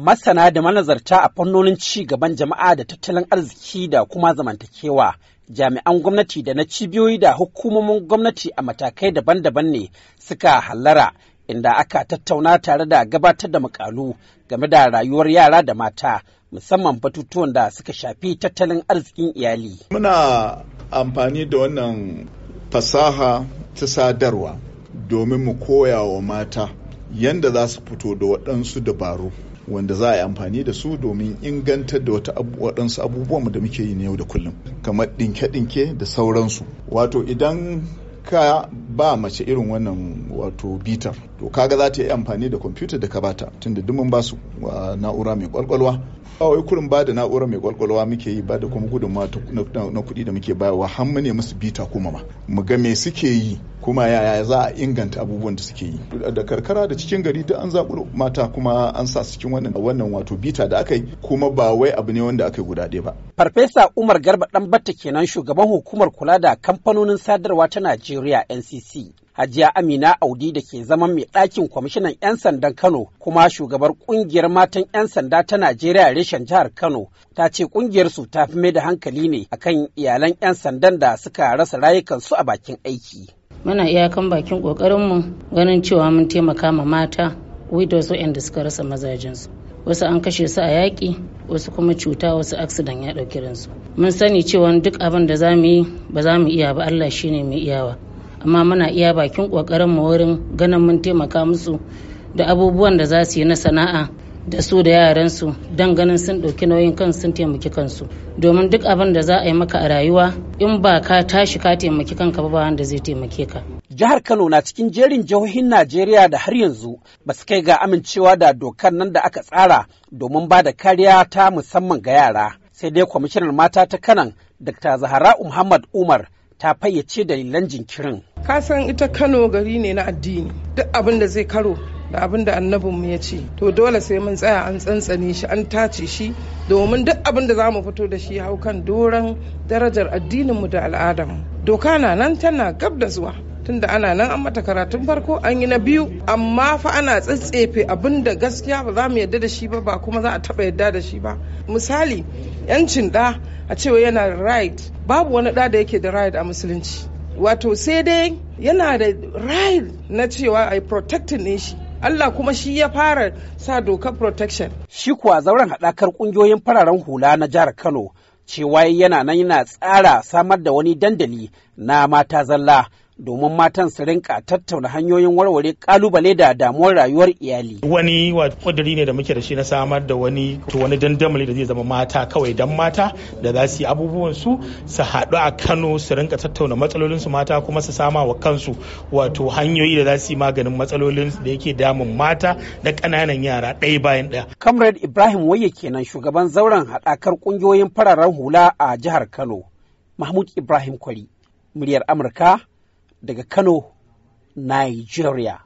masana da manazarta a fannonin ci gaban jama'a da tattalin arziki da kuma zamantakewa jami'an gwamnati da na cibiyoyi da hukumomin gwamnati a matakai daban-daban ne suka hallara inda aka tattauna tare da gabatar da makalu game da rayuwar yara da mata musamman batutuwan da suka shafi tattalin arzikin iyali. Muna amfani da wannan fasaha ta sadarwa domin mu koya wa mata yadda za su fito da waɗansu dabaru wanda za a yi amfani da su domin ingantar da wata waɗansu abubuwan da muke yi na yau da kullum kamar ɗinke-ɗinke da sauransu wato idan ka ba mace irin wannan wato bitar to kaga za ta yi amfani da kwamfuta da ka bata tunda dumin ba su ah, na'ura mai kwalkwalwa ba wai kurin ba da na'urar mai kwalkwalwa muke yi ba da kuma gudunmawa na kuɗi da muke bayarwa har mu ne musu bita kuma ma mu ga me suke yi kuma yaya za a inganta abubuwan da suke yi da karkara da cikin gari ta an zaɓi mata kuma an sa su cikin wannan wannan wato bita da aka yi kuma ba wai abu ne wanda aka yi guda ɗaya ba farfesa umar garba dan batta kenan shugaban hukumar kula da kamfanonin sadarwa ta najeriya ncc Hajiya Amina Audi da ke zaman mai ɗakin kwamishinan 'yan sandan Kano kuma shugabar ƙungiyar matan 'yan sanda ta Najeriya reshen jihar Kano ta ce su ta fi mai da hankali ne akan iyalan 'yan sandan da suka rasa rayukansu a bakin aiki. Muna iyakan bakin ƙoƙarinmu ganin cewa mun taimaka ma mata widows waɗanda suka rasa mazajensu. Wasu an kashe su a yaƙi, wasu kuma cuta wasu aksidan ya ɗauki ransu. Mun sani cewa duk abin da za mu yi ba za mu iya ba Allah shine mai iyawa. amma muna iya bakin kokarin mu wurin ganin mun taimaka musu da abubuwan da za su yi na sana'a da su da yaransu don ganin sun ɗauki nauyin kan sun taimaki kansu domin duk abin da za a yi maka a rayuwa in ba ka tashi ka taimaki kanka ba wanda zai taimake ka. Jihar Kano na cikin jerin jihohin Najeriya da har yanzu ba su kai ga amincewa da dokar nan da aka tsara domin ba da kariya ta musamman ga yara. Sai dai kwamishinar mata ta Kanan Dr. zahra Muhammad Umar ta fayyace dalilan jinkirin. Kasan ita Kano gari ne na addini duk abin da zai karo da abin da mu ya ce to dole sai mun tsaya an tsantsane shi an tace shi domin duk abin da za mu fito da shi hau kan doron darajar addinin mu da al'adarmu doka na nan tana gab da zuwa tunda ana nan an mata karatun farko an yi na biyu amma fa ana tsatsefe abin da gaskiya ba za mu yadda da shi ba ba kuma za a taba yadda da shi ba misali yancin da a cewa yana right babu wani da da yake da right a musulunci wato sai dai yana da right na cewa a protecting ne shi Allah kuma shi ya fara sa dokar protection. Shi kuwa zauren haɗakar ƙungiyoyin fararen hula na jihar Kano cewa yana nan yana tsara samar da wani dandali na mata zalla domin matan su rinka tattauna hanyoyin warware kalubale da damuwar rayuwar iyali. Wani kudiri ne da muke da shi na samar da wani wani dandamali da zai zama mata kawai dan mata da za su yi abubuwan su su haɗu a Kano su rinka tattauna matsalolin su mata kuma su sama wa kansu wato hanyoyi da za su yi maganin matsalolin da yake damun mata da kananan yara ɗaya bayan ɗaya. Comrade Ibrahim Waye kenan shugaban zauren haɗakar ƙungiyoyin fararen hula a jihar Kano. Mahmud Ibrahim Kwari, muryar Amurka daga Kano, Nigeria.